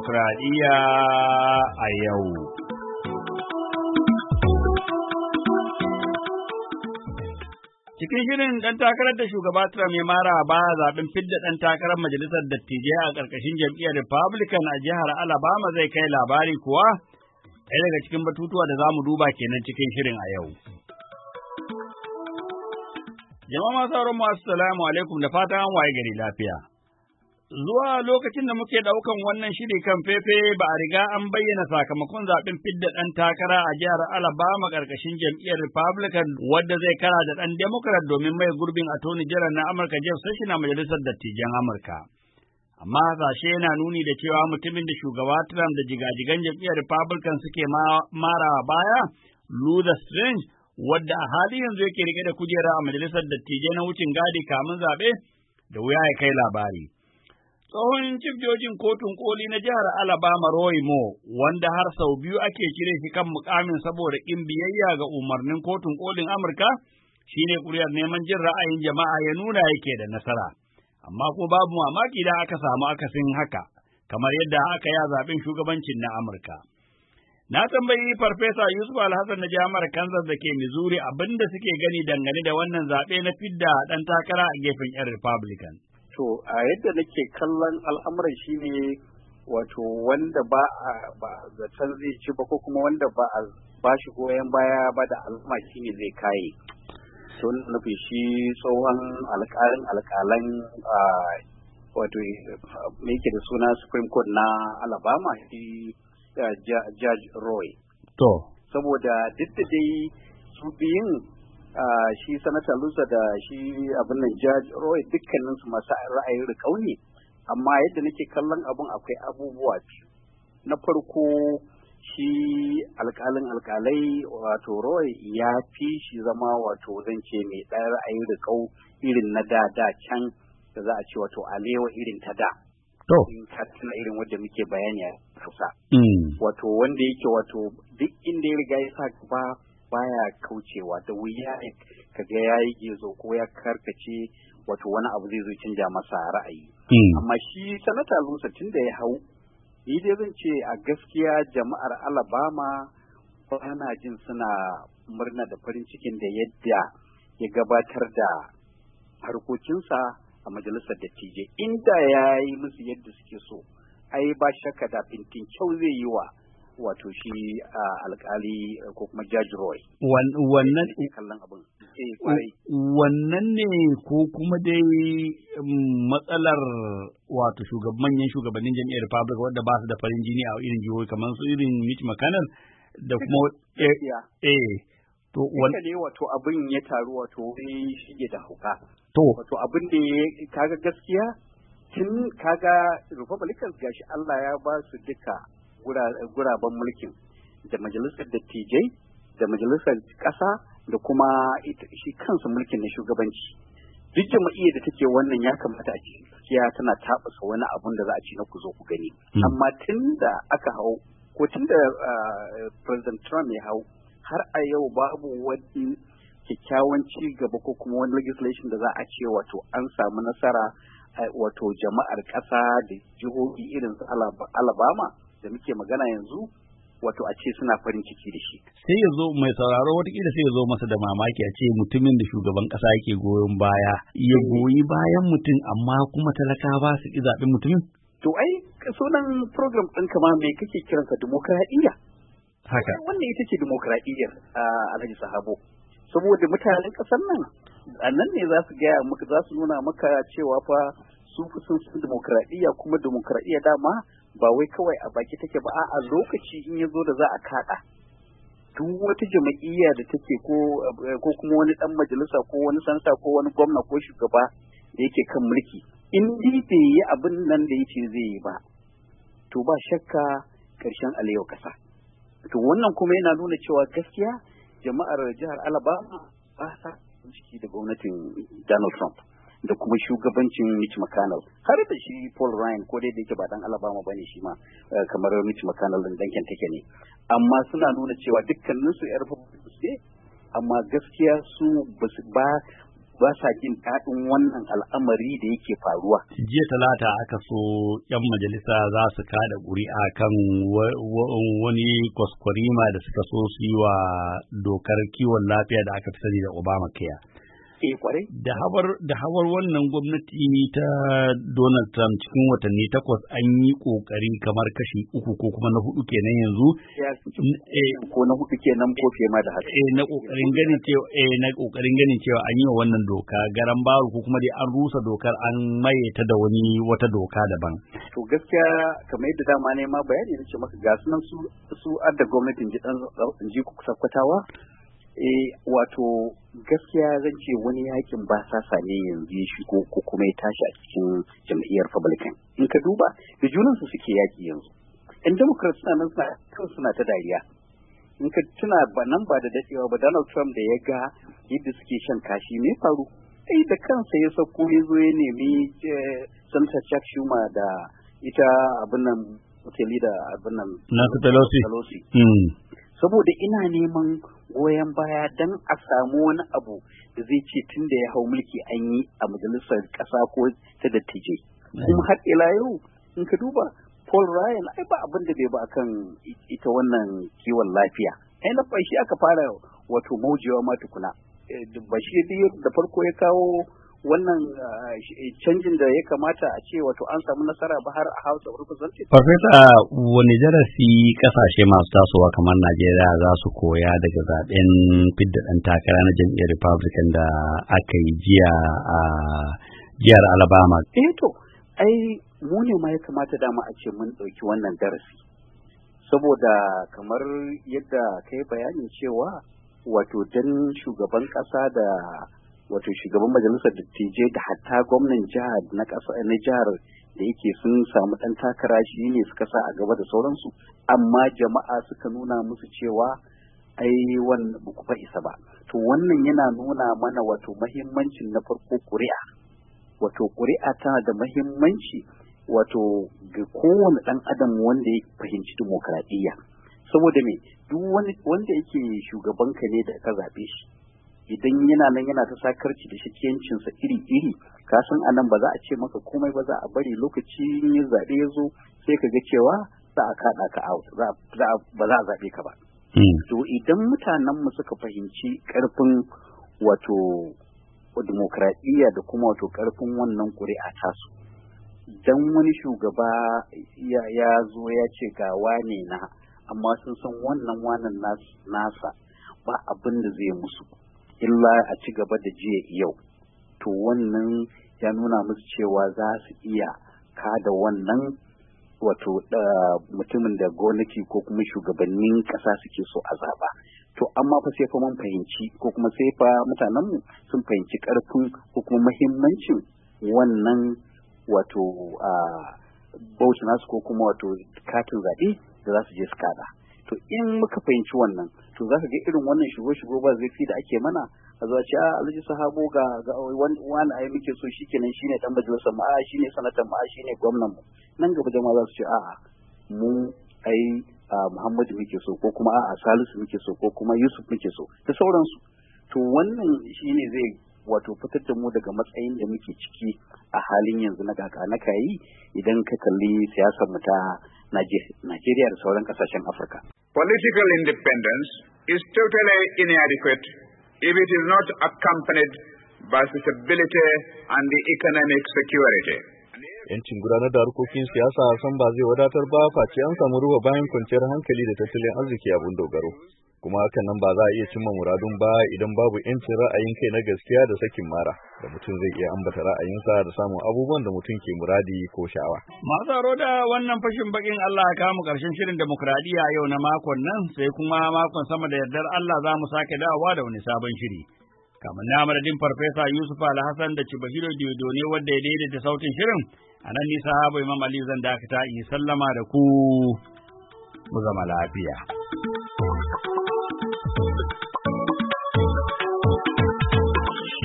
demokradiyya a yau. Cikin shirin ɗan takarar da shugaba Trump ya mara ba zaɓen fidda ɗan takarar majalisar dattijai a ƙarƙashin jam'iyyar Republican a jihar Alabama zai kai labari kuwa, ɗaya daga cikin batutuwa da za mu duba kenan cikin shirin a yau. Jama'a masu mu assalamu alaikum da fatan waye gari lafiya. Zuwa lokacin da muke ɗaukan wannan shiri kan fefe ba a riga an bayyana sakamakon zaɓen fidda ɗan takara a jihar Alabama ƙarƙashin jam'iyyar Republican wadda zai kara da ɗan Democrat domin mai gurbin a toni jiran na Amurka Jeff Sessions a majalisar dattijan Amurka. Amma hasashe yana nuni da cewa mutumin da shugaba Trump da jigajigan jam'iyyar Republican suke mara baya, Luther Strange, wadda a hali yanzu yake rike da kujera a majalisar dattijai na wucin gadi kamun zaɓe, da wuya ya kai labari. Tsohon cif kotun koli na jihar Alabama Roy Moore, wanda har sau biyu ake cire shi kan mukamin saboda ƙin biyayya ga umarnin kotun kolin Amurka, shi ne ƙuri'ar neman jin ra'ayin jama'a ya nuna yake da nasara. Amma ko babu mamaki da aka samu akasin haka, kamar yadda aka ya zaɓin shugabancin na Amurka. Na tambayi Farfesa Yusuf Alhassan na jami'ar Kansas da ke Missouri abinda suke gani dangane da wannan zaɓe na fidda ɗan takara a gefen 'yan Republican. to a yadda nake kallon al'amuran shi ne wato wanda ba a ba zaton zai ci ba ko kuma wanda ba a ba shi goyon baya ba da al'umma shi ne zai kaye to nufin shi tsohon alƙalin alƙalan wato me yake da suna supreme court na alabama shi judge roy to saboda duk da dai su biyun shi sanata lusa da shi abin nan jaji. roy dukkanin su masu ra'ayin rikau ne amma yadda nake kallon abin akwai abubuwa biyu na farko shi alkalin alkalai wato roy ya fi shi zama wato zan ce mai ɗaya ra'ayin rikau irin na da da can da za a ce wato alewa irin ta da to na irin wadda muke bayani a kusa mm. wato wanda yake wato duk inda ya riga ya sa gaba baya kaucewa da wuya ne kaga ya yi gezo ko ya karkace wato wani abu zai zo canja masa ra'ayi hmm. amma shi sanata lusa tun da ya hau ni dai zan ce a gaskiya jama'ar alabama ana jin suna murna da farin cikin da yadda ya gabatar da harkokinsa a majalisar dattijai inda ya yi musu yadda suke so ai ba shakka da fintin kyau zai yi wa wato shi alkali eh, ko kuma Judge Roy. Wannan kallon abin. Eh, wannan ne ko kuma dai mm, matsalar wato manyan shugabannin jam'iyyar Republic wadda ba su da farin jini a irin jihohi kamar su irin Mitch McConnell da kuma eh, eh to wanda ne wato abin ya taru wato wani shige da hauka to wato abin da ya kaga gaskiya tun kaga Republicans gashi Allah ya ba su duka guraben mulkin da majalisar dattijai da majalisar ƙasa da kuma shi kansa mulkin na shugabanci duk jama'iyyar da take wannan ya kamata a ce gaskiya tana taɓasa wani abun da za a ce na ku zo ku gani hmm. amma tun da aka hau ko tun da eh, president trump ya hau har a yau babu wani kyakkyawan ci gaba ko kuma wani legislation da za a ce wato an samu nasara eh, wato jama'ar ƙasa da jihohi irin su alabama da muke magana yanzu wato a ce suna farin ciki da shi. Sai ya zo mai sauraro watakila sai ya zo masa da mamaki a ce mutumin da shugaban kasa yake goyon baya ya eh. goyi bayan mutum amma kuma talaka ba su ki zaɓi mutumin. To ai sunan program ɗin kama mai kake kiransa demokradiyya. Haka. Wannan ita ce demokradiyyar Alhaji Sahabo. Saboda mutanen ƙasar nan a nan ne za su gaya maka za su nuna maka cewa fa su fi son demokradiyya kuma demokradiyya dama ba wai kawai a baki take ba a lokaci in ya zo da za a kaɗa duk wata jama'iyya da take eh, ko kuma wani ɗan majalisa ko wani sanata ko wani gwamna ko shugaba da yake kan mulki in dai bai yi abin nan da yake zai yi ba to ba shakka karshen alayyau ƙasa to wannan kuma yana nuna cewa gaskiya jama'ar jihar alabama ba sa ciki da gwamnatin donald trump da kuma shugabancin Mitch McConnell har da shi Paul Ryan ko dai da yake ba dan Alabama bane shi ma eh, kamar Mitch McConnell din dan take ne amma suna nuna cewa dukkanin su yar ne amma gaskiya su ba ba sa jin daɗin wannan al'amari da yake faruwa. Jiya talata aka so 'yan majalisa za su kada ƙuri'a kan wani kwaskwarima da suka so su yi wa dokar kiwon lafiya da aka fi sani da Obamacare. Eh kwarai. Da hawar da wannan gwamnati ta Donald Trump cikin watanni takwas an yi kokari kamar kashi uku ko kuma na hudu kenan yanzu. Eh, eh, ko na hudu kenan ko fiye ma da haka. Eh na kokarin ganin cewa eh na kokarin ganin cewa an yi wa wannan doka garan baro ko kuma dai an rusa dokar an maye ta da wani wata doka daban. To gaskiya kamar yadda dama ne ma bayani ce maka ga sunan su su adda gwamnatin jidan jiku kusa kwatawa eh wato gaskiya zan ce wani yakin ba sa sane yanzu ya shigo ko kuma ya tashi a cikin jam'iyyar republican in ka duba da junansu suke yaki yanzu in democrat suna nan suna kan suna ta dariya in ka tuna ba nan ba da dadewa ba donald trump da ya ga yadda suke shan kashi me faru ai da kansa ya sauko ya zo ya nemi eh, senator chuck schumer da ita abin nan da abin nan na pelosi hmm. saboda ina neman goyon baya don a samu wani abu da zai ce tun da ya hau mulki an yi a majalisar ƙasa ko ta dattijai. Kuma har ila yau in ka duba Paul Ryan ai ba abin da bai ba akan ita wannan kiwon lafiya. Ai na shi aka fara wato maujewa ma tukuna. Eh, Bashir da farko ya kawo wannan eh, canjin da ya kamata a ce wato an samu nasara ba har a hausa wurin Representatives? Farfesa wani darasi kasashe masu tasowa kamar Najeriya za su koya daga zaben fidda ɗan takara na jam'iyyar Republican da aka yi jiya a jihar Alabama. Eh to, ai mu ne ma ya kamata dama a ce mun ɗauki wannan darasi. Saboda kamar yadda kai yi bayanin cewa wato dan shugaban ƙasa da wato shugaban majalisar dattijai da hatta gwamnan jihar na ƙasa na jihar da yake sun samu ɗan takara shi ne suka sa a gaba da sauransu amma jama'a suka nuna musu cewa ai wannan ba ku isa ba to wannan yana nuna mana wato mahimmancin na farko ƙuri'a wato ƙuri'a tana da mahimmanci wato ga kowane ɗan adam wanda ya fahimci dimokuraɗiyya saboda me duk wanda yake shugabanka ne da ka zaɓe shi idan yana nan yana ta sakarci da shakiyancinsa iri-iri kasan san a nan ba za a ce maka komai ba za a bari lokaci yin zaɓe ya zo sai ka ga cewa za a kaɗa ka out ba za a zaɓe ka ba. Hmm. To idan mutanen mu suka fahimci ƙarfin wato dimokuraɗiyya da kuma wato ƙarfin wannan ƙuri'a tasu. Dan wani shugaba ya zo ya ce ga wane na amma sun san wannan wanan nasa ba abin da zai musu. illa a ci gaba da jiya yau to wannan ya nuna musu cewa za su iya kada wannan wato eh, mutumin da gwamnati ko kuma shugabannin ƙasa suke so a zaba to amma fa sai fa mun fahimci ko kuma sai fa mutanenmu sun fahimci ƙarfin ko kuma muhimmancin wannan wato a ah, nasu ko kuma wato katin zaɓe da za su je su kada to in muka fahimci wannan to za ka ga irin wannan shigo-shigo ba zai fi da ake mana a zuwa ce a alhaji sahabo ga wani ai muke so shi kenan ne dan majalisar mu shi ne sanatan mu shi ne gwamnan mu nan gaba jama'a za su ce a'a mu ai muhammadu muke so ko kuma a'a salisu muke so ko kuma yusuf muke so da sauransu to wannan shi ne zai wato fitar da mu daga matsayin da muke ciki a halin yanzu na kaka na kayi idan ka kalli siyasar mu ta Najeriya da sauran kasashen Afirka. Political independence is totally inadequate if it is not accompanied by stability and the economic security. Yancin gudanar da harkokin siyasa san ba zai wadatar ba face an samu ruwa bayan kwanciyar hankali da tattalin arziki abun dogaro. kuma hakan nan ba za a iya cimma muradun ba idan babu yancin ra'ayin kai na gaskiya da sakin mara da mutum zai iya ambata ra'ayinsa da samun abubuwan da mutum ke muradi ko sha'awa. Masu aro da wannan fashin bakin Allah ya kamu karshen shirin demokradiyya yau na makon nan sai kuma makon sama da yardar Allah za mu sake dawowa da wani sabon shiri. Kamar na madadin Farfesa Yusuf Alhassan da Cibahiro diodone ne wanda ya daidaita sautin shirin a nan nisa habu Imam Ali zan dakata in yi sallama da ku mu zama lafiya.